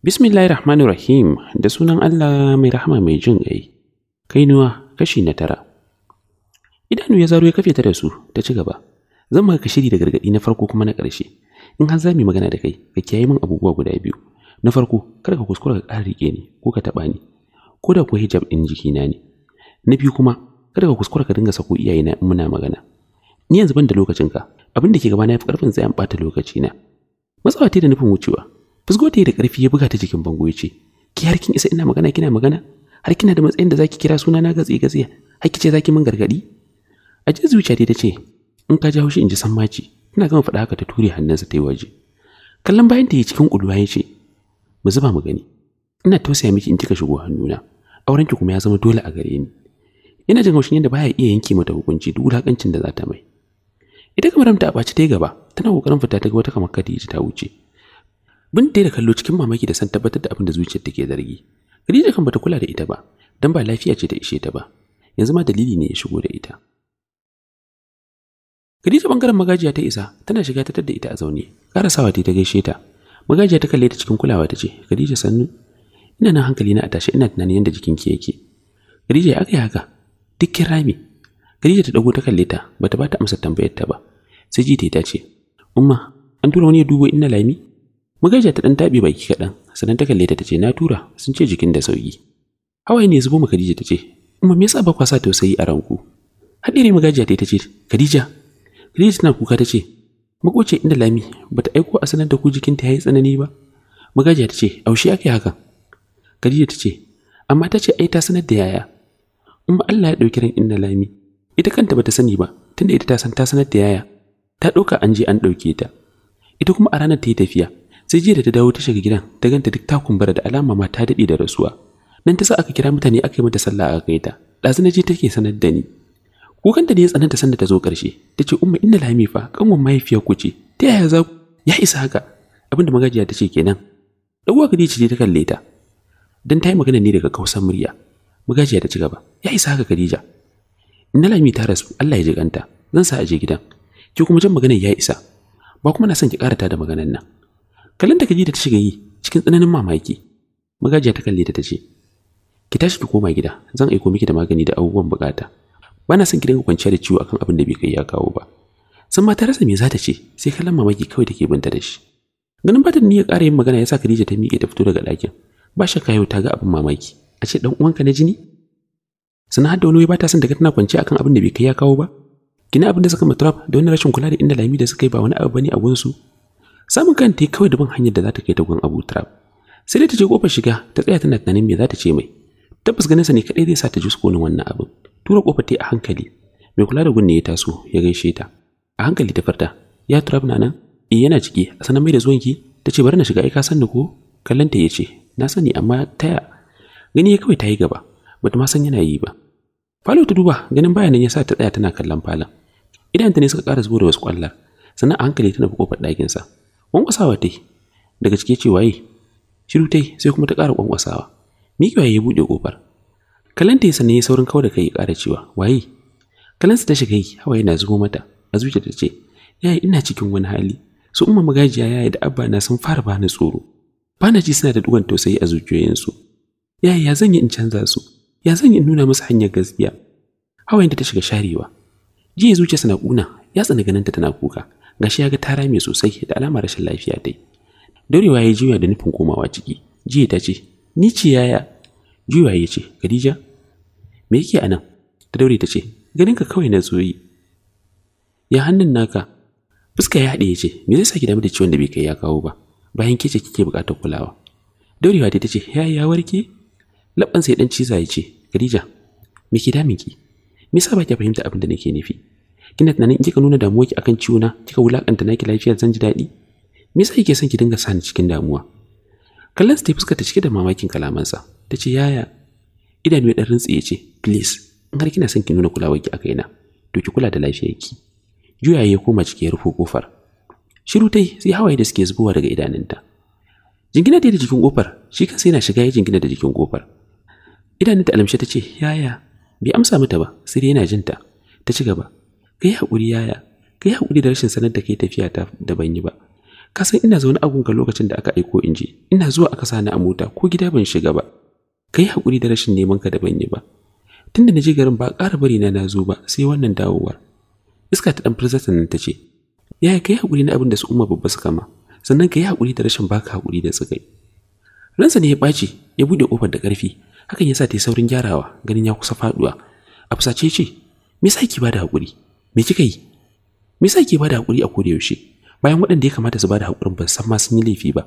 Bismillahir Rahmanir Rahim da sunan Allah mai rahama mai jin ƙai. Kainuwa kashi na tara. Idanu ya zaro ya kafe ta da su ta ci gaba. Zan maka shiri da gargaɗi na farko kuma na ƙarshe. In har za mu magana da kai, ka kiyaye min abubuwa guda biyu. Na farko, kar ka kuskura ka ƙara riƙe ni ko ka taɓa ni. Ko da kuwa hijab ɗin jikina ne. Na biyu kuma, kada ka kuskura ka dinga sako iyaye na muna magana ni yanzu ban da ka abin da ke gaba na yafi karfin an bata lokaci na matsawa ta da nufin wucewa fusgo ta da karfi ya buga ta jikin bango ya ce ki har kin isa ina magana kina magana har kina da matsayin da zaki kira suna na gatsi gatsi har kice zaki min gargadi a ji zuciya ta ce in ka ji haushi in ji san maci tana gama faɗa haka ta ture hannunsa ta yi waje kallon bayan ta yi cikin ƙulwa ya ce mu zuba mu gani ina tausaya miki in kika shigo hannuna aurenki kuma ya zama dole a gare ni Yana jin haushin yadda baya iya yanke mata hukunci duk wulakancin da za ta mai ita kamar ta a ɓaci ta gaba tana kokarin fita ta wata kamar Khadija ta wuce bin da kallo cikin mamaki da san tabbatar da abin da zuciyar take zargi Khadija kan bata kula da ita ba dan ba lafiya ce ta ishe ta ba yanzu ma dalili ne ya shigo da ita Khadija bangaren magajiya ta isa tana shiga ta da ita a zaune karasawa ta ta gaishe ta magajiya ta kalle ta cikin kulawa ta ce Khadija sannu ina nan hankali na a tashi ina tunanin yadda jikinki yake Khadija ya aka yi haka duk kin rame Khadija ta dago ta kalle ta bata ba ta amsa tambayar ta ba sai jita ta ce umma an tura wani ya dubo inna lami magaja ta dan tabe baki kadan sannan ta kalle ta tace na tura sun ce jikin da sauki hawaye ne zubo ma Khadija tace umma me yasa ba kwa sa tausayi a ranku hadire magaja ta tace Khadija Khadija tana kuka tace makoce inda lami bata aiko a sanar da ku jikin ta yayi tsanani ba magaja tace aushe ake haka Khadija tace amma tace ai ta sanar da yaya in ba Allah ya ɗauki ran inna lami ita kanta bata sani ba tunda ita ta san ta sanar da yaya ta ɗauka an je an ɗauke ta ita kuma a ranar ta yi tafiya sai jiya da ta dawo ta shiga gidan ta ganta duk ta kumbura da alama ma ta daɗe da rasuwa nan ta sa aka kira mutane aka yi mata sallah aka kai ta ɗazu na je take sanar da ni kukanta ne ya tsananta sanda ta zo ƙarshe ta ce umma inna lami fa kanwan mahaifiyar ku ce ta yaya za ku ya isa haka abinda magajiya ta ce kenan ɗan uwa ce ta kalle ta dan ta yi magana ne daga kausan murya magajiya ta ci gaba. Ya isa haka Khadija. Inna lami ta rasu Allah ya jiganta. Zan sa aje gidan. Ki kuma jin maganar ya isa. Ba kuma na son ki karata da maganar nan. Kallon da Khadija ta shiga yi cikin tsananin mamaki. magajiya ta kalle ta tace. Ki tashi ki koma gida. Zan aiko miki da magani da abubuwan bukata. Bana son ki dinga kwanciya da ciwo akan abin da bai kai ya kawo ba. san ma ta rasa me za ta ce sai kallon mamaki kawai take binta da shi. Ganin ba ta niyyar ƙara yin magana ya Khadija ta miƙe ta fito daga ɗakin. Ba shakka yau ta ga abin mamaki. a ce dan uwanka na jini sana hadda wani wai ba ta son daga tana kwance akan abin da bai kai ya kawo ba kina abin da suka ma da wani rashin kula da inda Lami da suka yi ba wani abu bane a gunsu samun kanta kawai da bin hanyar da za ta kai ta gun Abu trap sai dai ta je kofar shiga ta tsaya tana tunanin me za ta ce mai tabbas ganin sa ne kadai zai sa ta ji sukunin wannan abin tura kofar ta a hankali mai kula da ne ya taso ya gaishe ta a hankali ta farta ya trap na nan eh yana ciki a sanan mai da zuwanki ta ce bari na shiga ai ka san ni ko kallanta ya yace na sani amma taya gani ya kawai ta yi gaba bata ma san yana yi ba falo ta duba ganin bayanin ya sa ta tsaya tana kallon falon idanta ne suka ƙara zuwa da wasu ƙwallar sannan a hankali tana kofar ɗakinsa Ƙwanƙwasawa ta yi daga cike ce waye shiru ta yi sai kuma ta ƙara kwankwasawa miƙewa ya buɗe ƙofar ta ya sannan ya saurin kawai da kai ya ƙara cewa waye kalansa ta shiga yi hawa yana zubo mata a zuciya ta ce Yaya ina cikin wani hali su umma magajiya yaya da abba na sun fara bani tsoro bana ji suna da dukan tausayi a zuciyoyinsu yaya ya zan yi in canza su ya zan yi in nuna masa hanyar gaskiya hawayenta ta shiga sharewa jiya zuciyarsa na kuna ya ganin ta tana kuka gashi ya ga tara mai sosai da alamar rashin lafiya ta yi daurewa ya juya da nufin komawa ciki jiya ta ce ni ce yaya juya ya ce khadija me yake a nan ta daure ta ce ka kawai na zoyi ya hannun naka fuska ya haɗe ya ce me zai saki damu da ciwon da bai kai ya kawo ba bayan kece kike buƙatar kulawa daurewa ta ce ya ya warke labban sai dan ciza ya ce Khadija me ke damin ki me yasa ba ki fahimta abin da nake nufi kina tunanin in kika nuna damuwa ki akan ciwo na kika wulakanta naki lafiyar zan ji daɗi me yasa kike son ki dinga sani cikin damuwa kallon ta fuska ta cike da mamakin kalamansa ta ce yaya idanu ya dan rintsi ya ce please in har kina son ki nuna kulawar ki a kaina to ki kula da lafiyar ki Juyaye ya koma cike ya rufe kofar shiru tai sai hawaye da suke zubowa daga idanunta jingina da jikin kofar shi kansa yana shiga ya jingina da jikin kofar idanunta alamshe ta ce yaya bai amsa mata ba sai dai yana jinta ta ci gaba kai hakuri yaya kai hakuri da rashin sanar da kai tafiya ta da ban yi ba ka san ina zaune a gunka lokacin da aka aiko in je ina zuwa aka sani a mota ko gida ban shiga ba kai haƙuri da rashin neman ka da banyi ba tunda na je garin ba ƙara bari na na ba sai wannan dawowar iska ta ɗan firzata nan ta ce yaya kai hakuri na abin da su umma babba suka ma sannan ka yi haƙuri da rashin baka hakuri da tsikai ransa ne ya baci ya buɗe kofar da ƙarfi hakan ya sa ta yi saurin gyarawa ganin ya kusa faduwa a fusace ce me yasa ki bada hakuri me kika yi me yasa ki bada hakuri a koda yaushe bayan waɗanda ya kamata su bada hakurin ban san ma sun yi laifi ba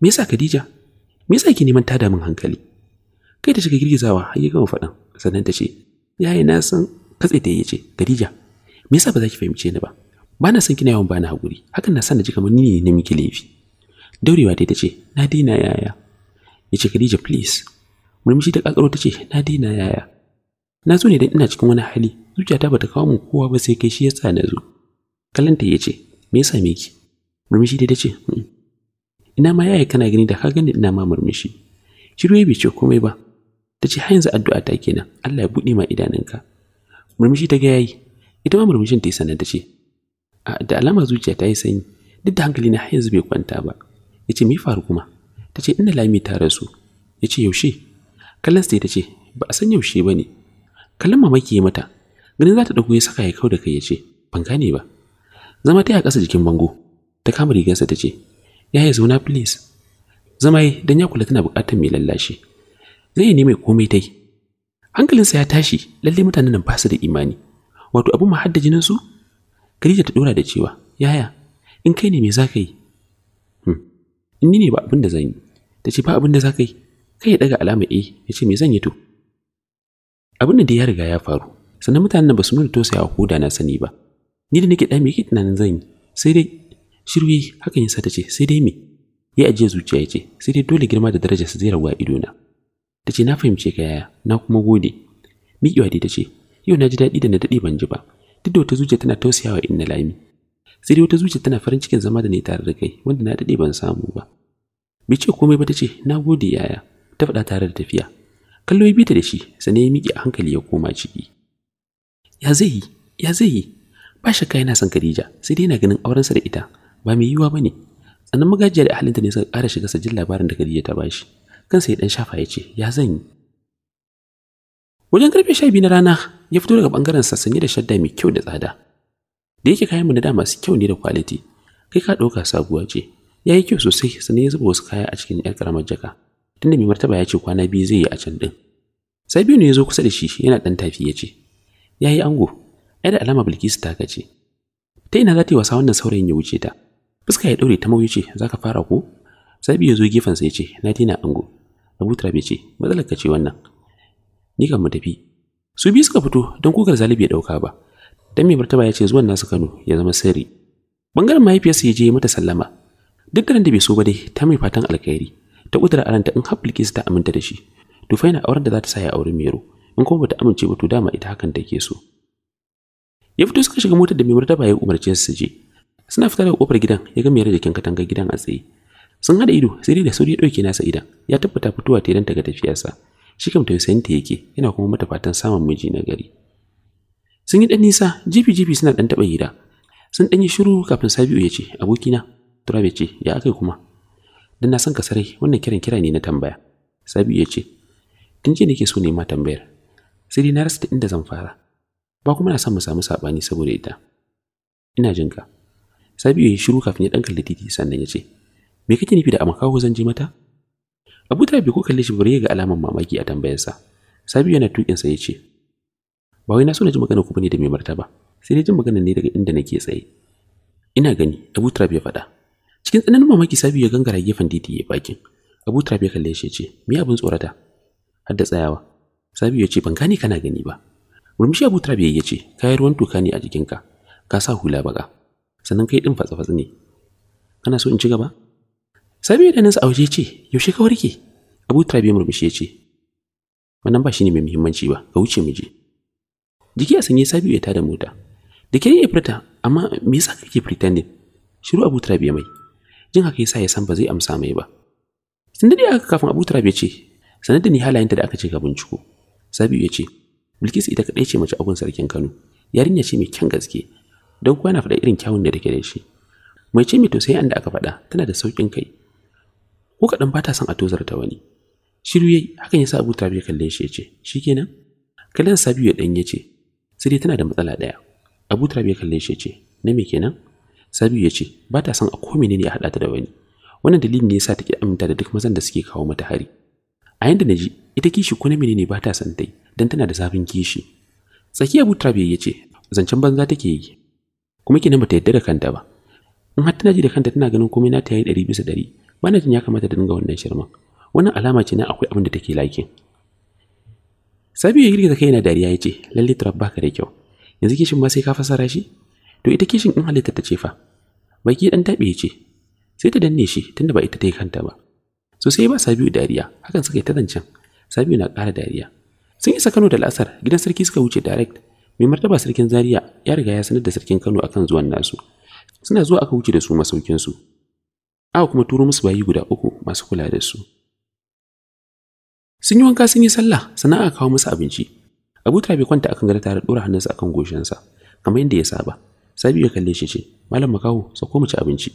me yasa Khadija me yasa ki neman tada min hankali kai ta shiga girgizawa har ya gama faɗan sannan ta ce yayi na san katse ta yace Khadija me yasa ba za ki fahimce ni ba ba na san kina yawan bani hakuri hakan na san da ji kamar ni ne miki laifi daurewa dai ta ce na dina yaya yace Khadija please murmushi ta kakaro tace ce na daina yaya na zo ne dan ina cikin wani hali zuciyata bata kawo mu kowa ba sai kai shi yasa na zo Kalanta yace ce me yasa miki murmushi dai ta ina ma yaya kana gani da ka gani ina ma murmushi shiru ya bice komai ba ta ce har yanzu addu'a ta kenan Allah ya buɗe ma idanunka murmushi ta ga yayi ita ma murmushin ta yi sanar tace ce da alama zuciya ta yi sanyi duk da hankali na har yanzu bai kwanta ba yace ce me faru kuma tace ce ina lami ta rasu yace yaushe kallon sai ta ce ba a san yaushe ba ne kallon mamaki ya mata ganin za ta dauko ya saka ya kau da kai ya ce ban gane ba zama ta yi a ƙasa jikin bango ta kama rigarsa ta ce ya yi zauna please zama yi don ya kula tana buƙatar mai lallashi zai ne mai komai ta yi hankalinsa ya tashi lalle mutanen nan ba su da imani wato abin ma hadda jinin Khadija ta dora da cewa yaya in kai ne me za ka yi hmm, in ni ne ba abin da zan yi ta ce ba abin da za ka yi kai ya daga alama eh ya ce me zan yi to abin da ya riga ya faru sannan mutanen ba su nuna tausayawa ko da na sani ba ni da nake ɗaya me yake tunanin zan yi sai dai shirwi hakan yasa ta ce sai dai me ya ajiye zuciya ya ce sai dai dole girma da daraja su zai rawa idona ta ce na fahimce ka yaya na kuma gode miƙewa dai ta ce yau na ji daɗi da na daɗe ban ji ba duk da wata zuciya tana tausayawa inna lami sai dai wata zuciya tana farin cikin zama da ne tare da kai wanda na daɗe ban samu ba bai ce komai ba ta ce na gode yaya ta faɗa tare da tafiya kallo ya bi ta da shi sannan ya miƙe a hankali ya koma ciki ya zai yi ya zai yi ba shakka yana son Khadija sai dai yana ganin aurensa da ita ba mai yiwuwa bane sannan magajiya da ahalinta ne suka ƙara shiga sajin labarin da Khadija ta bashi kansa ya dan shafa ya ce ya zan yi wajen karfe biyu na rana ya fito daga bangaren sa sanye da shadda mai kyau da tsada da yake kayan mu na da masu kyau ne da quality kai ka ɗauka sabuwa ce ya yi kyau sosai sannan ya zuba wasu kaya a cikin 'yar ƙaramar jaka tunda mai martaba ya ce kwana biyu zai yi a can ɗin. Sabiu ne ya zo kusa da shi yana ɗan tafi ya ce, Ya yi ango, ai da alama Bilkisu ta kace. Ta ina za ta yi wasa wannan saurayin ya wuce ta. Fuska ya ɗaure ta mawuyi ce, Za ka fara ko? Sabiu ya zo gefensa ya ce, Na daina ango. Abu Turabe ce, Matsalar ka ce wannan. Ni kan mu tafi. Su biyu suka fito don kokar zalibi ya ɗauka ba. Dan mai martaba ya ce zuwan nasu Kano ya zama sirri. Bangaren mahaifiyarsa ya je mata sallama. Duk da bai so ba dai ta mai fatan alkhairi. ta kudura aranta in har Bilkisu ta aminta da shi to fa yana auren da za ta sa ya Mero in kuma bata amince ba to dama ita hakan take so ya fito suka shiga motar da mai martaba ya umarce su je suna fita da kofar gidan ya ga Mero jikin katanga gidan a tsaye sun hada ido sai dai da sauri ya dauke nasa idan ya tabbata fitowa ta idan ta ga tafiyarsa shi kam tausayin ta yake yana kuma mata fatan samun miji na gari sun yi dan nisa jifi jifi suna dan taba gida sun dan yi shiru kafin Sabiu ya ce abokina Turabe ce ya kai kuma dan na san ka sarai wannan kiran kira ne na tambaya sabi ya ce tun ce nake so ma tambayar sai dai na rasa ta inda zan fara ba kuma na san mu samu saɓani saboda ita ina jin ka sabi ya yi shiru kafin ya dan kalli titi sannan ya ce me kake nufi da amakawo zan je mata abu ta bi ko kalle shi bare ga alaman mamaki a tambayarsa sabi yana tukin sa ya ce ba wai na so na ji magana ku bane da mai martaba sai dai jin magana ne daga inda nake tsaye ina gani abu ya faɗa cikin tsananin mamaki sabi ya gangara gefen titi ya bakin abu turab ya kalle shi ce me abin tsorata har da tsayawa sabi ya ce ban gane kana gani ba murmushi abu turab ya ce kayan ruwan toka ne a jikinka ka sa hula baka sannan kai din fatsa-fatsa ne kana so in ci gaba sabi da nan auje ce yaushe ka warke abu turab ya murmushi ya ce wannan ba shi ne mai muhimmanci ba ka wuce mu je jiki a sanye sabi ya tada mota da ke yi furta amma me yasa kake pretending shiru abu turabiya mai jin haka yasa ya san ba zai amsa mai ba tun da aka kafin Abu Turab ya ce sanar ni halayenta da aka ce ka binciko Sabiu ya ce Bilkisu ita kadai ce mace abun sarkin Kano yarinya ce mai kyan gaske don kuwa na faɗa irin kyawun da take da shi mai ce mai tausayi an da aka faɗa tana da saukin kai ko kadan ba ta son a ta wani shiru yayi hakan yasa Abu Turab ya kalle shi ya ce shikenan kallon Sabiu ya dan ya ce sai tana da matsala ɗaya Abu Turab ya kalle shi ya ce na me kenan Sabiu ya ce ba ta son a ko menene ya haɗa ta da wani. Wannan dalilin ne yasa take aminta da duk mazan da suke kawo mata hari. A yanda ji, ita kishi ko na menene ba ta san tai dan tana da zafin kishi. Tsakiya Butrabe ya ce zancen banza take yi. Kuma kina bata yadda da kanta ba. In har tana ji da kanta tana ganin komai na ta yi ɗari bisa ɗari. Bana jin ya kamata da dinga wannan shirman. Wannan alama ce na akwai abin da take like. Sabiu ya girgiza kai yana dariya ya ce lalle Turab baka da kyau. Yanzu kishin ma sai ka fasara shi? to ita kishin in halitta ta ce fa baki dan tabe ce sai ta danne shi tunda ba ita ta yi kanta ba so sai ba Sabiu dariya hakan suka yi ta zancen Sabiu na ƙara dariya sun isa Kano da Lasar gidan sarki suka wuce direct mai martaba sarkin Zaria ya riga ya sanar da sarkin Kano akan zuwan nasu suna zuwa aka wuce da su masaukin su aka kuma turo musu bayi guda uku masu kula da su sun yi wanka sun yi sallah sannan aka kawo musu abinci Abu Trabi kwanta akan gada tare da dora hannunsa akan goshinsa kamar yadda ya saba Sabi ya kalle shi ce, Malam makaho, sauko mu ci abinci.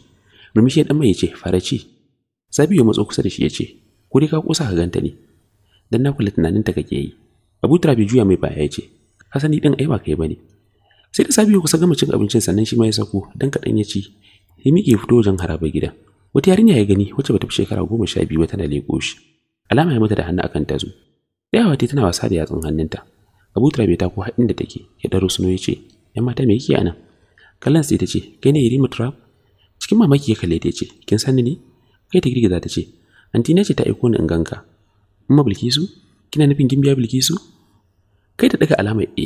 Murmushi ya dan mai ya ce, fara ci. Sabi ya matso kusa da shi ya ce, ko dai ka kusa ka ganta ne. Dan na kula tunanin ta kake yi. Abu Trabi juya mai baya ya ce, ka din ai ba kai bane. Sai da Sabi ya kusa gama cin abincin sannan shi ma ya sako dan kaɗan ya ci. Ya miƙe fito wajen haraba gida Wata yarinya ya gani wacce bata fi shekara goma sha biyu ba tana leƙo shi. Alama ya mata da hannu akan tazo. Daya wata tana wasa da yatsun hannunta. Abu Trabi ta ko haɗin da take ya daro suno ya ce, ‘yan mata me yake a kallon sai ta ce kai ne Irima Trap cikin mamaki ya kalle ta ce kin sani ne kai ta girgiza ta ce anti na ce ta aiko ni in ganka ma Bilkisu kina nufin kin biya Bilkisu kai ta daga alamar A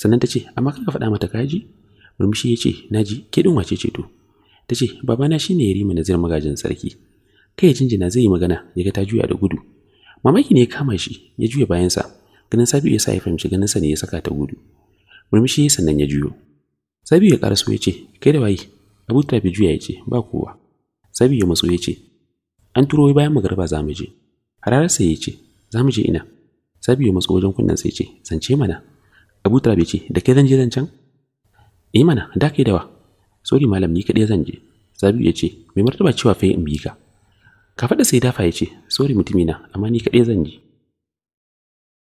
sannan ta ce amma kanka faɗa mata kaji murmushi ya ce naji ke din wace ce to ta ce babana shine Yarima Nazir magajin sarki kai ya jinjina zai yi magana ya ga ta juya da gudu mamaki ne ya kama shi ya juya bayansa ganin sabiu ya sa ya fahimci ganin sa ne ya saka ta gudu murmushi ya sannan ya juyo Sabi ya so ya ce, Kai da waye, Abu fi juya ya ce, Ba kowa. Sabi ya matso ya ce, An turo bayan magariba za mu je. Hararsa ya ce, Za mu je ina. Sabi ya matso wajen kunnen sai ya ce, Zance mana. Abu Tafi ce, Da kai zan je zan can? Eh mana, da kai dawa. Sori malam ni kaɗai zan je. Sabi ya ce, Mai martaba cewa fa in bi ka. Ka faɗa sai dafa ya ce, Sori mutumina, amma ni kaɗai zan je.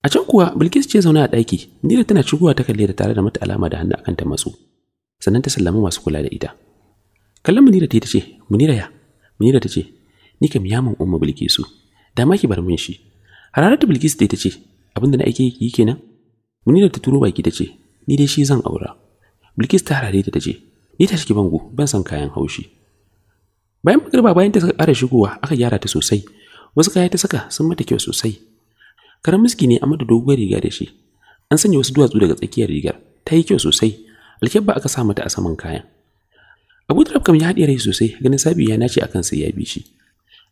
A can kuwa Bilkisu ce zaune a ɗaki, Nira tana shigowa ta kalle da tare da mata alama da hannu akan ta matso sannan ta sallami masu kula da ita kallon munira ta ce munira ya munira ta ce ni kam min umma bilkisu da ma ki bar min shi ta bilkisu ta ce abin da na aike yi kenan munira ta turo baki ta ce ni dai shi zan aura bilkisu ta harare ta ta ce ni ta ki bango ban san kayan haushi bayan magarba bayan ta saka shigowa aka gyara ta sosai wasu kaya ta saka sun mata kyau sosai karan miski ne a mata doguwar riga da shi an sanya wasu duwatsu daga tsakiyar rigar ta yi kyau sosai alkyabba aka sa mata a saman kayan abu turab kam ya haɗe rai sosai ganin sabiyu ya nace akan sai ya bi shi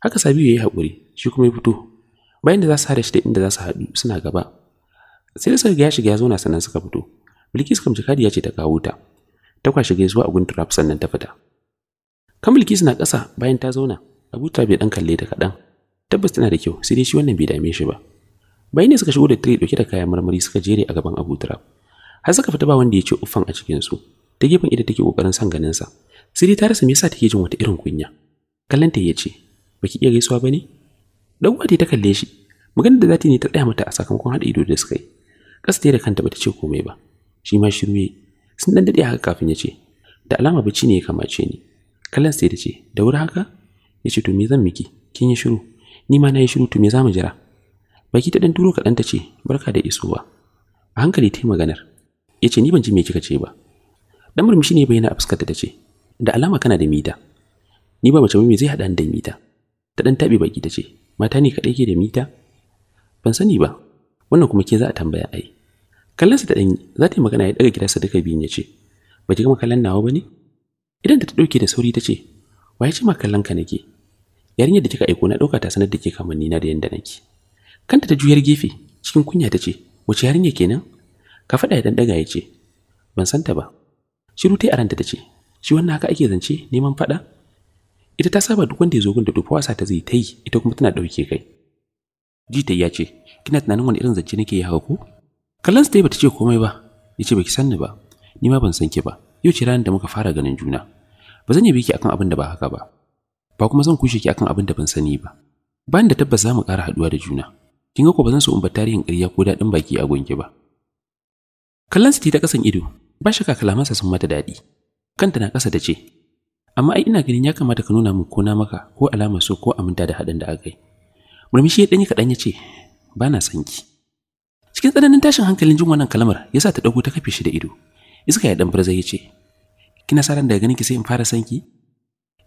haka sabiyu ya yi haƙuri shi kuma ya fito bayan da za su haɗa shi da inda za su haɗu suna gaba sai da suka ya shiga ya zauna sannan suka fito bilkis kam ya ce ta kawo ta ta kwashi zuwa zuwa gun turab sannan ta fita kan bilkis na kasa bayan ta zauna abu turab ya ɗan kalle ta kaɗan tabbas tana da kyau sai dai shi wannan bai dame shi ba bayan ne suka shigo da tire dauke da kayan marmari suka jere a gaban Abu Turab. har suka fita ba wanda ya ce uffan a cikin su ta gefen ita take kokarin son sa sai dai ta rasa me yasa take jin wata irin kunya kallanta ya ce baki iya gaisuwa ba ne dan uwa ta kalle shi magana da zata ne ta tsaya mata a sakamakon haɗa ido da suka yi kasta da kanta bata ce komai ba shi ma shiru yayi sun dan dade haka kafin ya ce da alama bacci ne ya kamace ni kallon sai da ce da wuri haka ya ce to me zan miki kin yi shiru ni ma na yi shiru to me za mu jira baki ta dan turo kaɗan ta ce barka da isowa a hankali ta maganar ya ce ni ban ji me kika ce ba dan murmushi ne bayyana a fuskarta ta ce da alama kana da mita ni ba mace me zai hada da mita ta dan taɓe baki ta ce mata ne kadai ke da mita ban sani ba wannan kuma ke za a tambaya ai kallonsa ta dan za ta yi magana ya ɗaga gidansa duka biyun ya ce ba ki gama kallon nawa ba ne idan ta ta ɗauke da sauri ta ce wa ya ce ma kallon ka nake yarinyar da kika aiko na ɗauka ta sanar da ke kamanni na da yanda nake kanta ta juyar gefe cikin kunya ta ce wace yarinya kenan ka faɗa ya ɗanɗaga ya ce ban san ta ba shiru ta yi aranta ta ce shi wannan haka ake zance neman faɗa ita ta saba duk wanda ya zo gun da dufa wasa ta zai ta yi ita kuma tana ɗauke kai Ji ta ya ce kina tunanin wani irin zance nake yi haka ko kallon ta yi bata ce komai ba ya ce baki ni ba ni ma ban san ki ba yau ce ranar da muka fara ganin juna ba zan yabe ki akan abin da ba haka ba ba kuma zan kushe ki akan abin da ban sani ba bayan da tabbas za mu ƙara haɗuwa da juna kin ga ko ba zan so in bar tarihin ƙarya ko daɗin baki a gonki ba Kallon ta kasan ido, ba shaka sa sun mata daɗi. Kanta na ƙasa ta ce, Amma ai ina ganin ya kamata ka nuna min ko na maka ko alamar so ko aminta da haɗin da aka yi. Murmushi ya ɗanyi kaɗan ya ce, Ba na son ki. Cikin tsananin tashin hankalin jin wannan kalamar, ya sa ta ɗago ta kafe shi da ido. Iska ya ɗan farza ya ce, Kina sa ran daga ganin ki sai in fara son ki?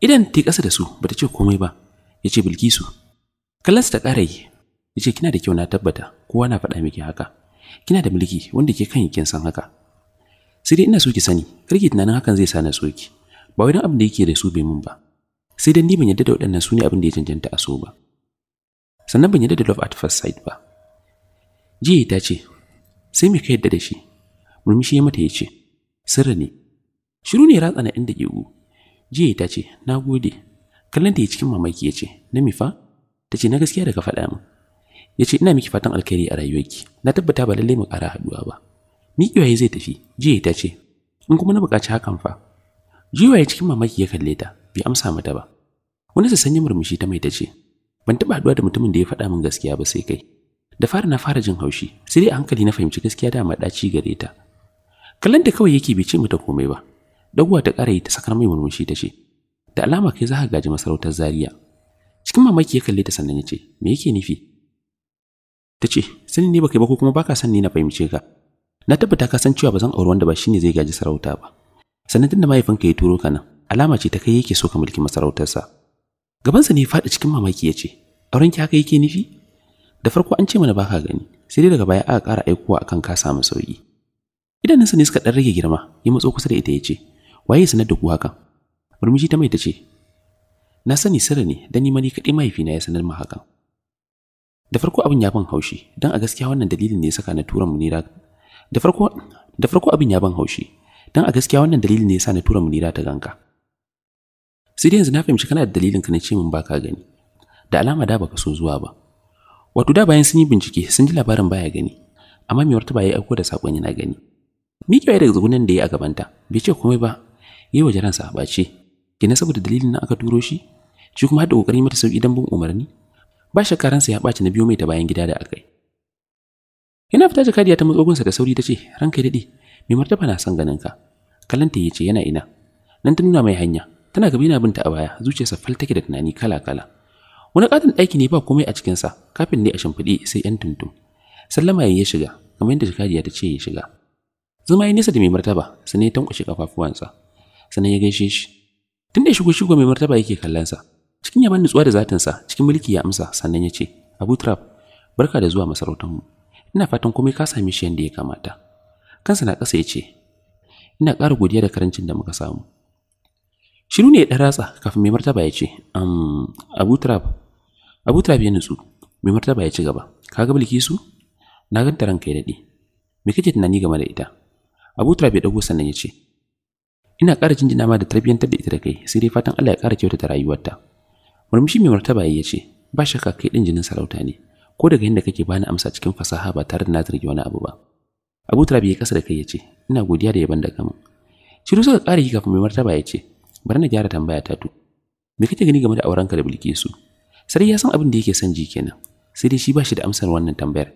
Idan ta ƙasa da su bata ce komai ba, ya ce Bilkisu. su ta ƙara yi, ya ce kina da kyau na tabbata, kowa na faɗa miki haka. kina da mulki wanda ke kan yakin san haka sai dai ina so ki sani kar tunanin hakan zai sa na soki ba wai dan abin da yake da su bai mun ba sai dan ni ban yadda da waɗannan su ne abin da ya cancanta a so ba sannan ban yadda da love at first sight ba jiya ta ce sai me ka yadda da shi murmushi ya mata ya ce sirri ne shiru ne ratsa na inda ƙigu jiya ta ce na gode kallon ta yi cikin mamaki ya ce na mifa fa ta ce na gaskiya da ka faɗa min ya ce ina miki fatan alkhairi a rayuwarki na tabbata ba lallai mu kara haɗuwa ba miƙewa zai tafi jiya ta ce in kuma na buƙaci hakan fa jiwa cikin mamaki ya kalle ta bai amsa mata ba wani sa sanya murmushi ta mai ta ce ban taɓa haɗuwa da mutumin da ya faɗa min gaskiya ba sai kai da fara na fara jin haushi sai dai a hankali na fahimci gaskiya dama ɗaci gare ta kallon da kawai yake bai ce mata komai ba dagwa ta ƙara yi ta sakar mai murmushi ta ce da alama kai za ka gaji masarautar Zariya. cikin mamaki ya kalle ta sannan ya ce me yake nufi ta ce sani ne baka yi ba ko kuma baka san ni na fahimce ka na tabbata ka san cewa ba zan auri wanda ba shine zai gaji sarauta ba sannan tunda mahaifinka ya turo ka nan alama ce ta kai yake so ka mulki masarautarsa gabansa ne ya faɗi cikin mamaki ya ce auren ki haka yake nufi da farko an ce mana baka gani sai dai daga baya aka ƙara aikowa akan ka samu sauki idanunsa ne suka ɗan rage girma ya matso kusa da ita ya ce waye sanar da ku hakan murmushi ta mai ta ce na sani sirri ne dan ni ma ni kaɗai mahaifina ya sanar ma hakan da farko abin ya ban haushi don a gaskiya wannan dalilin ne ya saka na tura mu da da farko abin ya ban haushi don a gaskiya wannan dalilin ne ya na tura nira ta ganka sai dai yanzu na fahimci kana da dalilin ka na ce min baka gani da alama da baka so zuwa ba wato da bayan sun yi bincike sun ji labarin baya gani amma mai wata ba ya aiko da sakon yana gani miƙewa daga zugunan da ya a gabanta bai ce komai ba yi wa jiransa ba ce. kina saboda dalilin na aka turo shi shi kuma har da ƙoƙarin mata sauƙi don bin umarni ba shakka ransa ya ɓaci na biyo mai ta bayan gida da akai yana fita jakadiya ta matsogunsa da sauri ta ce ranka daɗe mai martaba na son ganin ka kalanta ya ce yana ina nan ta nuna mai hanya tana gaba yana binta a baya zuciyarsa fal take da tunani kala kala wani katon ɗaki ne ba komai a cikinsa kafin ne a shimfiɗe sai yan tuntum sallama ya shiga kamar yadda jakadiya ta ce ya shiga zama ya nesa da mai martaba sannan ya tankwashe kafafuwansa sannan ya gaishe shi tun da shigo shigo mai martaba yake kallonsa cikin yaban nutsuwa da zatinsa cikin mulki ya amsa sannan ya ce abu trap barka da zuwa masarautar mu, ina fatan komai ka sami shi yadda ya kamata kansa na ƙasa ya ce ina ƙara godiya da karancin da muka samu shiru ne ya ɗan ratsa kafin mai martaba ya ce abu trap abu trap ya nutsu mai martaba ya ci gaba ka ga bilkisu na ganta ranka ya daɗe me kake tunani game da ita abu trap ya ɗago sannan ya ce ina ƙara jinjina ma da tarbiyyantar da ita da kai sai dai fatan Allah ya ƙara kyautata rayuwarta murmushi mai martaba ya ce ba shakka kai ɗin jinin sarauta ne ko daga yadda kake bani amsa cikin fasaha ba tare da na zargi wani abu ba Abu Turabi ya kasa da kai ya ce ina godiya da yaban da kama Shiru suka ƙara yi kafin mai martaba ya ce bari na gyara tambaya ta tu me kake gani game da aurenka da Bilkisu Sari ya san abin da yake son ji kenan sai dai shi ba shi da amsar wannan tambayar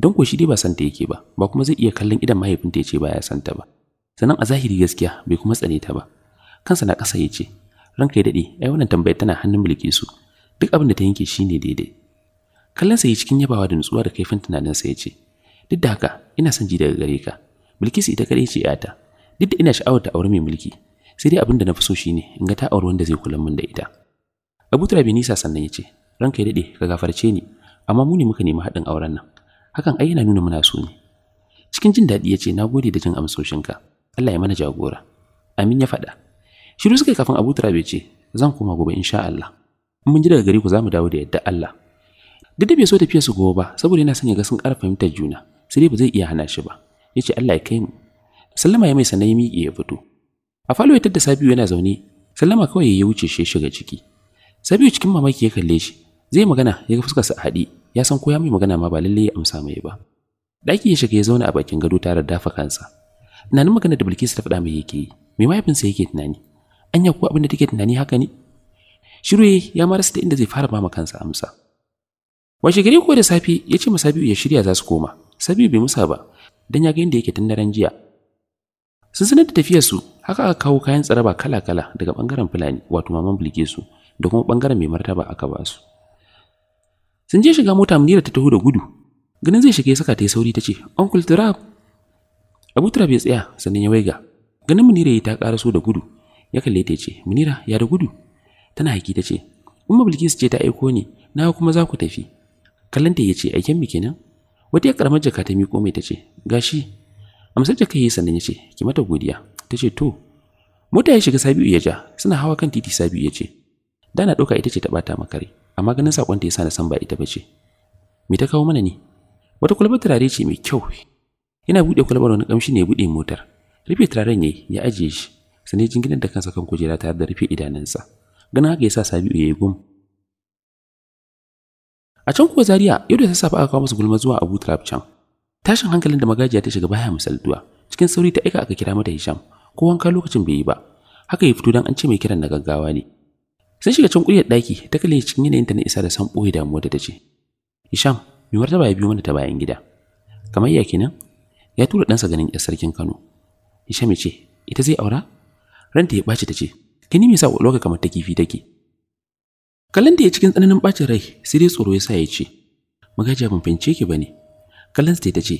don ko shi dai ba santa yake ba ba kuma zai iya kallon idan mahaifinta ya ce ba ya santa ba sannan a zahiri gaskiya bai kuma tsane ta ba kansa na ƙasa ya ce ranka ya dade ai wannan tambayar tana hannun bilkisu duk abin da ta yanke shine daidai kallon sa yi cikin yabawa da nutsuwa da kaifin tunanin sa ya ce duk da haka ina son ji daga gare ka bilkisu ita kadai ce ta. duk da ina sha'awar ta aure mai mulki sai dai abin da na fi so shine in ga ta aure wanda zai kula min da ita abu bai nisa sannan ya ce ranka ya daɗe ka gafarce ni amma mu ne muka nemi haɗin auren nan hakan ai yana nuna muna so ne cikin jin daɗi ya ce na gode da jin amsoshinka Allah ya mana jagora amin ya faɗa shiru suka kafin abu turabe ce zan koma gobe insha Allah mun ji daga gari ku za mu dawo da yadda Allah duk da bai so tafiya su gobe ba saboda yana son ya ga sun ƙara fahimtar juna sai dai ba zai iya hana shi ba ya ce Allah ya kai mu sallama ya mai sanayi miƙe ya fito a falo ya tadda sabiu yana zaune sallama kawai ya wuce shi shiga ciki sabiu cikin mamaki ya kalle shi zai magana ya ga fuskarsa a haɗi ya san ko ya mai magana ma ba lalle ya amsa mai ba daki ya shiga ya zauna a bakin gado tare da dafa kansa tunanin magana da Bilkisu ta faɗa mai yake yi me mahaifinsa yake tunani anya ko abin da take tunani haka ne shirye ya marasa da inda zai fara ba kansa amsa washe gari ko da safe ya ce masabi ya shirya za su koma sabi bai musa ba dan ya ga inda yake tun daren jiya sun sanar da tafiyar su haka aka kawo kayan tsaraba kala-kala daga bangaren fulani wato maman su da kuma bangaren mai martaba aka ba su sun je shiga mota munira ta taho da gudu ganin zai shige saka ta yi sauri ta ce uncle trap abu trap ya tsaya sannan ya waiga ganin munira ya ta karaso da gudu ya kalle ta ce munira ya da gudu tana haƙi ta ce umma bilkis ce ta aiko ni na kuma za ku tafi kallanta ya ce aiken mi kenan wata karamar jaka ta miƙo mai ta ce gashi amsar jaka yi sannan ya ce ki mata godiya ta ce to mota ya shiga sabiu ya ja suna hawa kan titi sabiu ya ce dana ɗauka ita ce ta bata makare amma ganin sakon ta yasa na san ba ita bace me ta kawo mana ne wata kulbar turare ce mai kyau yana buɗe kwalbar wani kamshi ne ya buɗe motar rufe turaren yayi ya ajiye shi sani jinginar da kansa kan kujera tare da rufe idanunsa ganin haka yasa sabi'u ya yi gum a can kuwa zaria yau da sassafe aka kawo musu gulma zuwa abu trap can tashin hankalin da magajiya ta shiga baya misaltuwa cikin sauri ta aika aka kira mata hisham ko wanka lokacin bai yi ba haka ya fito dan an ce mai kiran na gaggawa ne sai shiga can kuriyar daki ta kalle cikin yanayin yanayinta na isa da san ɓoye damuwa da ta ce hisham mai martaba ya biyo mana ta bayan gida kamar ya kenan ya tura ɗansa ganin 'yar sarkin Kano. Hisham ya ce, ita zai aura? ranta ya ɓaci ta ce ke ni me sa ƙwaƙwalwarka kamar ta kifi take kallon da ya cikin tsananin ɓacin rai sai dai tsoro ya sa ya ce magajiya ban fahimce ki bane kallon ta ce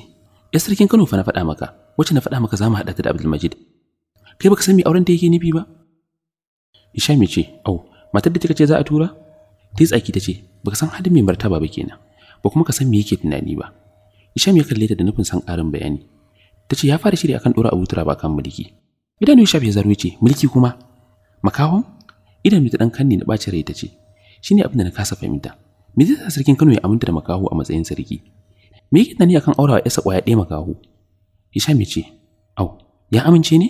ya sarkin Kano fa na faɗa maka wacce na faɗa maka za mu haɗa ta da Abdulmajid kai baka san me auren ta yake nufi ba Isham ya ce au matar da kika ce za a tura ta tsaki ta ce baka san hadin mai martaba ba kenan ba kuma ka san me yake tunani ba Isham ya kalle ta da nufin san ƙarin bayani ta ce ya fara shiri akan ɗora abu tura ba kan mulki idanun ya shafe zaro ce mulki kuma makawon idanu ta dan kanni na bace rai ta ce shine abin da na kasa fahimta me zai sa sarkin Kano ya aminta da makaho a matsayin sarki me yake tani akan aurawa yasa kwaya ɗaya makaho isha me ce au ya amince ne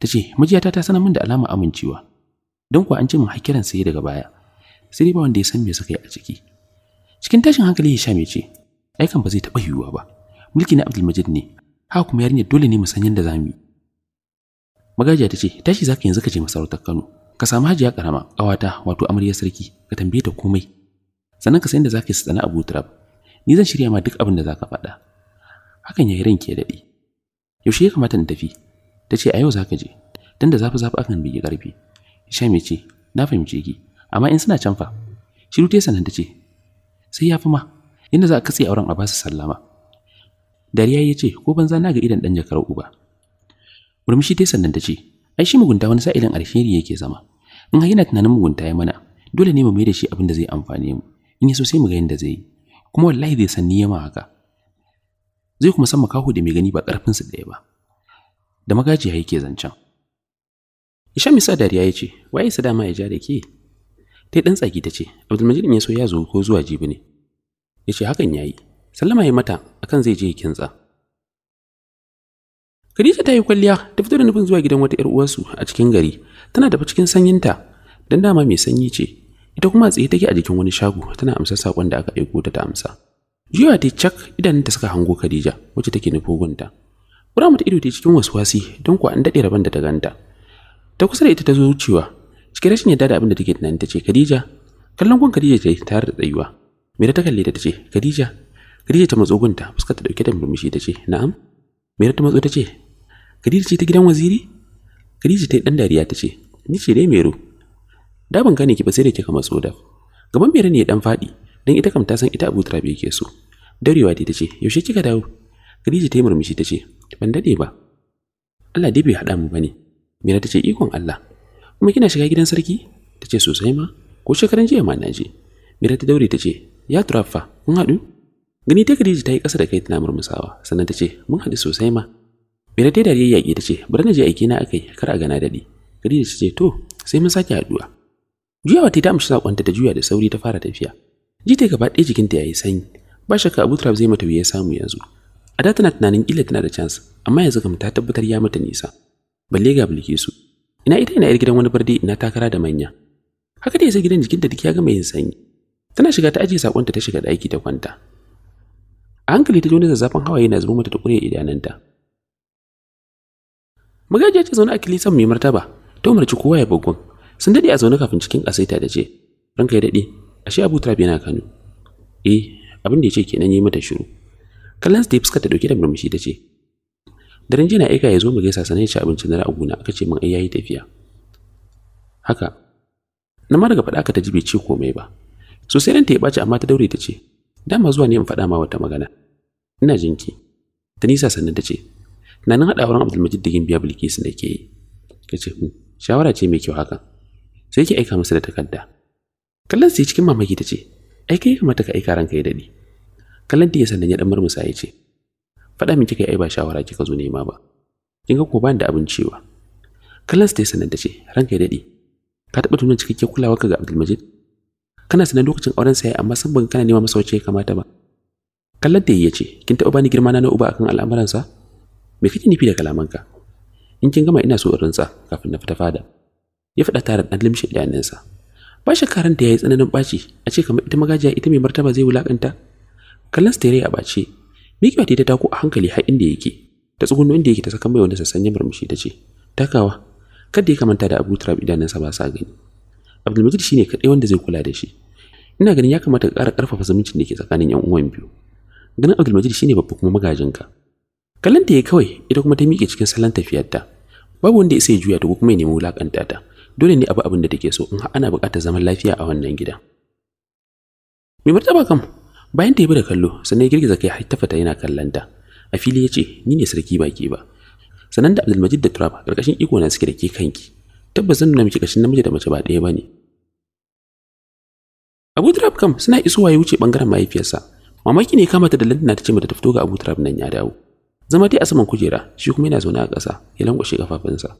ta ce mijiyata ta sanar min da alama amincewa don kuwa an ce min hakiran sai daga baya sai dai ba wanda ya san me suka yi a ciki cikin tashin hankali sha ya ce aikan ba zai taɓa yiwuwa ba mulki na Abdulmajid ne haka kuma yarinyar dole ne mu san yadda zamu yi Magajiya ta ce, tashi zaka yanzu ka je masarautar Kano. Ka samu hajiya karama, kawata wato amarya sarki, ka tambaye ta komai. Sannan ka san da zaka yi sana Abu Turab. Ni zan shirya ma duk abin da zaka faɗa. Hakan ya yi ranki ya daɗe. Yaushe ya kamata in tafi? Ta ce a yau zaka je. Tunda zafi zafi akan bigi karfi Sha mai ce, na fahimce ki, amma in suna can fa. Shiru ta sanan ta ce, sai ya fi ma, yadda za a katse auren a basu sallama. Dariya ya ce, ko banza na ga idan dan jakar uba. murmushi ta sannan ta ce ai shi mugunta wani sa'ilin alheri yake zama in har yana tunanin mugunta ya mana dole ne mu mai da shi abin da zai amfane mu in ya so sai mu ga yadda zai yi kuma wallahi zai san ma haka zai kuma san makaho da mai gani ba karfin su ɗaya ba da magajiya yake zancen Isha Misa dariya ya ce, waye sa dama ya ja da ke? Ta yi ɗan tsaki ta ce, Abdulmajid ya so ya zo ko zuwa jibi ne. Ya ce hakan ya yi, sallama ya mata akan zai je ya kintsa. Khadija ta yi kwalliya ta fito da nufin zuwa gidan wata 'yar uwarsu a cikin gari. Tana da cikin sanyinta dan dama mai sanyi ce. Ita kuma tsaye take a jikin wani shago tana amsa sakon da aka aiko ta ta amsa. Jiya ta cak ta suka hango Khadija wacce take nufo gunta. Kura mata ido ta cikin waswasi don kuwa an daɗe rabon da ta ganta. Ta kusa da ita ta zo wucewa cikin rashin yadda da abin da take tunani ta ce Khadija kallon gun Khadija ce tare da tsayuwa Mira ta kalle ta ce Khadija Khadija ta matso gunta fuskar ta dauke da murmushi ta ce na'am Mira ta matso ta ce Khadija ce ta gidan waziri? Khadija ta yi ɗan dariya ta ce, Ni ce dai Mero. Da ban gane ki ba sai da kika matso da. Gaban Mero ne ya ɗan faɗi, don ita kam ta san ita Abu turabe yake so. Daurewa ta ce, Yaushe kika dawo? Khadija ta yi murmushi ta ce, Ban daɗe ba. Allah dai bai haɗa mu ba ne. Mera ta ce, Ikon Allah. Kuma kina shiga gidan sarki? Ta ce, Sosai ma. Ko shekaran jiya ma na je. Mera ta daure ta ce, Ya Turaffa, kun haɗu? Gani ta Khadija ta yi ƙasa da kai tana murmusawa, sannan ta ce, Mun haɗu sosai ma. Mira ta dariya yaƙi ta ce, bari na je aiki na akai, kar a gana daɗi. Khadija ta ce, to, sai mun sake haɗuwa. juya wata ta amshi sakonta ta juya da sauri ta fara tafiya. Ji ta gaba ɗaya jikinta yayi sanyi. Ba shakka Abu Turab zai mata wuya samu yanzu. A da tana tunanin kila tana da chance, amma yanzu kam ta tabbatar ya mata nisa. Balle ga su Ina ita ina yar gidan wani barde ina takara da manya. Haka da sai gidan jikinta duk ya gama yin sanyi. Tana shiga ta ajiye sakonta ta shiga aiki ta kwanta. A hankali ta ji wani zazzafin hawaye na zubo mata ta ƙure idananta. Magajiya ce zaune a kilisan mai martaba, ta umarci kowa ya bugun. Sun daɗe a zaune kafin cikin kasaita da ce, ranka ya dade ashe Abu Turab yana Kano. Eh, abin da ya ce kenan yi mata shiru. Kallon da ya fuskar ta ɗauke da murmushi ta ce, Daren jina aika ya zo mu gaisa sanar ci abinci na guna aka ce min ai yayi tafiya. Haka, na ma daga faɗa ka ta ji bai ce komai ba. sosai sai ta ya ɓaci amma ta daure ta ce, dama zuwa ne in faɗa ma wata magana. Ina jinki. Tanisa sannan ta ce, tunanin haɗa auren abdulmajid da gimbiya bilkisu da ke yi ka ce hmm, shawara ce mai kyau haka sai ki aika masa da takarda kallon sai cikin mamaki ta ce ai kai kamata ka aika ranka ya daɗi. kallon ta ya sannan ya ɗan murmusa ya ce faɗa min kika yi ba shawara kika zo nema ba kin ga ko da abin cewa kallon sai sannan ta ce ranka ya daɗi. ka taɓa tunan cikakken kulawa ka ga abdulmajid kana sanan lokacin auren sa ya amma san ban kana nema masa wacce ya kamata ba kallon da ya ce kin taɓa bani girma na uba akan al'amuransa me kake nufi da kalamanka in kin gama ina so in rantsa kafin na fita fada ya faɗa tare da limshi idanunsa ba shi karanta yayi tsananin baci a ce kamar ita magajiya ita mai martaba zai wulakanta kallon stare a bace mikiwa ta tako a hankali har inda yake ta tsugunno inda yake ta saka mai wanda sassan murmushi ta ce takawa kada ya kamanta da Abu Turab idanunsa ba sa gani Abdulmajid shine kadai wanda zai kula da shi ina ganin ya kamata ka ƙara ƙarfafa zumuncin da ke tsakanin yan uwan biyu ganin Abdulmajid shine babba kuma magajinka kallon ta ya kawai ita kuma ta miƙe cikin salon tafiyarta babu wanda ya sai juya ta ko kuma ya nemi wulakanta ta dole ne abu abin da take so in har ana buƙatar zaman lafiya a wannan gida mai martaba kam bayan ta yi da kallo sannan ya girgiza kai har ta fata yana kallon ta a fili ya ce ni ne sarki ba ke ba -Sannan da Abdulmajid da Turab ƙarƙashin iko na suke da ke kanki tabbas zan nuna miki ƙashin namiji da mace ba ɗaya ba ne. Abu Turab kam suna isowa ya wuce ɓangaren mahaifiyarsa mamaki ne kama ta da Lantana ta ce mata ta fito ga Abu Turab nan ya dawo zama dai a saman kujera shi kuma yana zaune a ƙasa ya lankwashe kafafunsa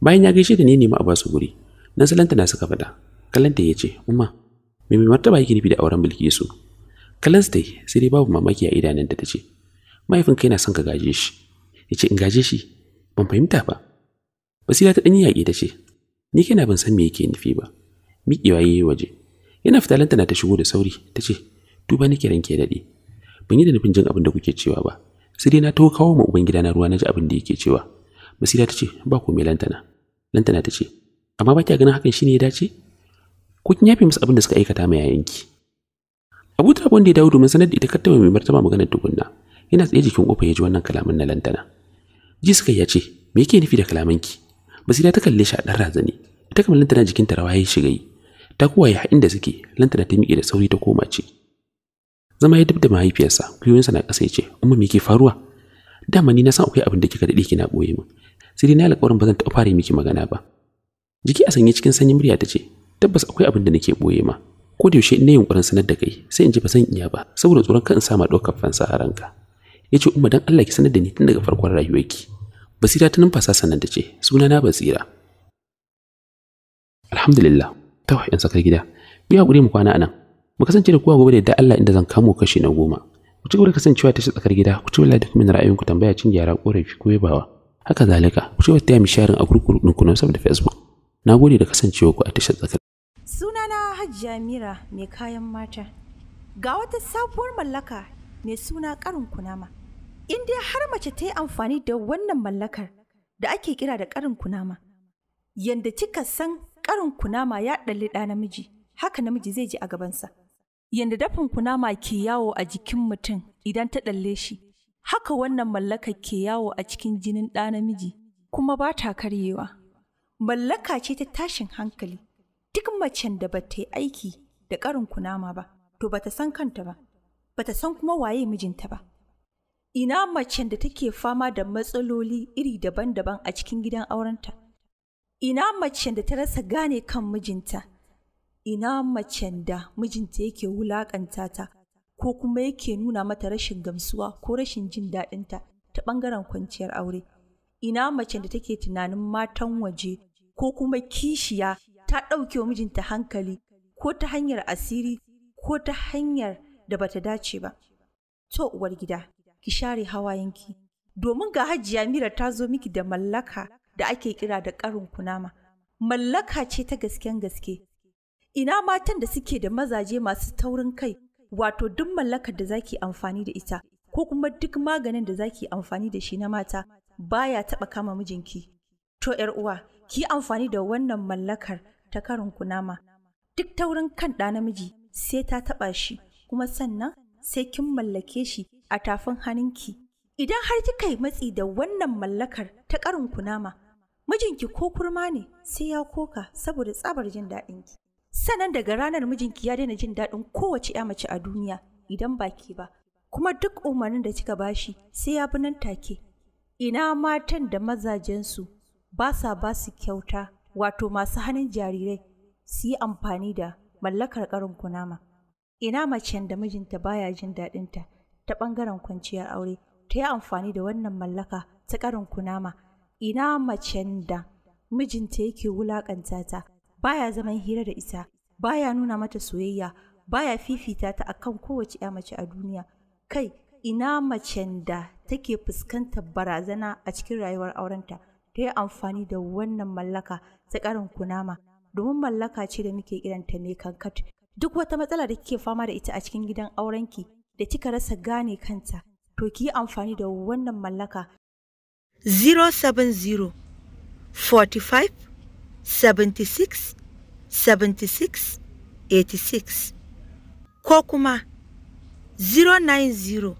bayan ya gaishe da ne nema a basu guri nan salanta na suka faɗa kallanta ya ce umma me mai martaba yake nufi da auren bilkisu kallan su dai sai dai babu mamaki a idanunta ta ce mahaifinka yana son ka gaje shi ya ce in gaje shi ban fahimta ba basira ta ɗanyi yaƙi ta ce ni na ban san me yake nufi ba miƙewa ya yi waje yana fita lantana ta shigo da sauri ta ce duba nake ranke daɗi. ban yi da nufin jin abin da kuke cewa ba sai dai na taho kawo ma ubangida na ruwa na ji abin da yake cewa basira ta ce ba komai lantana lantana ta ce amma ba kya ganin hakan shine ya dace ko kin yafe musu abin da suka aikata ma yayinki abu ta wanda ya dawo domin sanar da ita kattaba mai martaba maganar tukunna yana tsaye jikin kofa ya ji wannan kalamin na lantana ji suka ya ce me yake nufi da kalamanki basira ta kalle shi a dan razani ita kamar lantana jikinta rawa ya shiga yi ta kuwa ya inda suke lantana ta miƙe da sauri ta koma ce zama ya dubda da mahaifiyarsa gwiwinsa na ƙasa ya ce umma me ke faruwa dama ni na san akwai abin da kika daɗe kina ɓoye min sai dai na alƙawarin ba zan taɓa fara miki magana ba jiki a sanye cikin sanyin murya ta ce tabbas akwai abin da nake ɓoye ma ko da yaushe ina yin yunƙurin sanar da kai sai in ji ba san iya ba saboda tsoron kan in sa ma ɗaukar fansa a ranka ya ce umma dan Allah ki sanar da ni tun daga farkon rayuwarki basira ta numfasa sanar da ce sunana basira alhamdulillah ta wa'in sakar gida biya gure mu kwana anan mu kasance da kowa gobe da Allah inda zan kamo kashi na goma ku ci gaba da kasancewa ta tsakar gida ku ci wallahi duk min ra'ayinku tambaya cin gyara korafi ko yabawa haka zalika ku ci wata mi sharing a kurkuru ɗinku na saboda facebook na gode da kasancewa ku a tashar tsakar sunana hajjia mira mai kayan mata ga wata sabuwar mallaka mai suna karin kunama in dai har mace ta yi amfani da wannan mallakar da ake kira da karin kunama yanda kika san karin kunama ya ɗalli ɗa namiji haka namiji zai ji a gabansa yadda dafin kunama ke yawo a jikin mutum idan ta ɗalle shi, haka wannan mallaka ke yawo a cikin jinin ɗa namiji, kuma ba ta karyewa. Mallaka ce ta tashin hankali, duk macen da ba ta yi aiki da ƙarin kunama ba, to ba ta san kanta ba, ba ta san kuma waye mijinta ba. Ina macen da take fama da matsaloli iri daban-daban a cikin gidan aurenta? Ina macen da ta rasa gane kan mijinta? ina macen da mijinta yake wulakanta ta ko kuma yake nuna mata rashin gamsuwa ko rashin jin daɗinta ta ɓangaren kwanciyar aure ina macen da take tunanin matan waje ko kuma kishiya ta ɗauke wa mijinta hankali ko ta hanyar asiri ko ta hanyar da bata dace ba to uwar gida ki share hawayenki domin ga hajiya mira ta zo miki da mallaka da ake kira da ƙarin kunama mallaka ce ta gasken gaske ina matan da suke da mazaje masu taurin kai wato duk mallakar da zaki amfani da ita ko kuma duk maganin da zaki amfani da shi na mata baya taba kama mijinki to yar uwa ki amfani da wannan mallakar ta karin kunama duk taurin kan ɗa namiji sai ta taba shi kuma sannan sai kin mallake shi a tafin hannunki idan har kika yi matsi da wannan mallakar ta karin kunama mijinki ko kurma ne sai ya koka saboda tsabar jin daɗinki sannan daga ranar mijinki ya daina jin daɗin kowace ya mace a duniya idan ba ke ba kuma duk umarnin da kika bashi sai ya bi nan take ina matan da mazajensu ba sa ba su kyauta wato masu hannun jarirai su yi amfani da mallakar karin kunama ina macen da mijinta baya jin daɗinta ta ɓangaren kwanciyar aure ta yi amfani da wannan mallaka ta karin kunama ina macen da mijinta yake wulaƙanta ta baya zaman hira da ita baya nuna mata soyayya baya fifita ta akan kowace ya mace a duniya kai ina mace da take fuskantar barazana a cikin rayuwar aurenta ta yi amfani da wannan mallaka ta karin kunama domin mallaka ce da muke kiranta mai kankat duk wata matsala da kike fama da ita a cikin gidan aurenki da kika rasa gane kanta to ki yi amfani da wannan mallaka 070 45 76 7686 ko kuma 090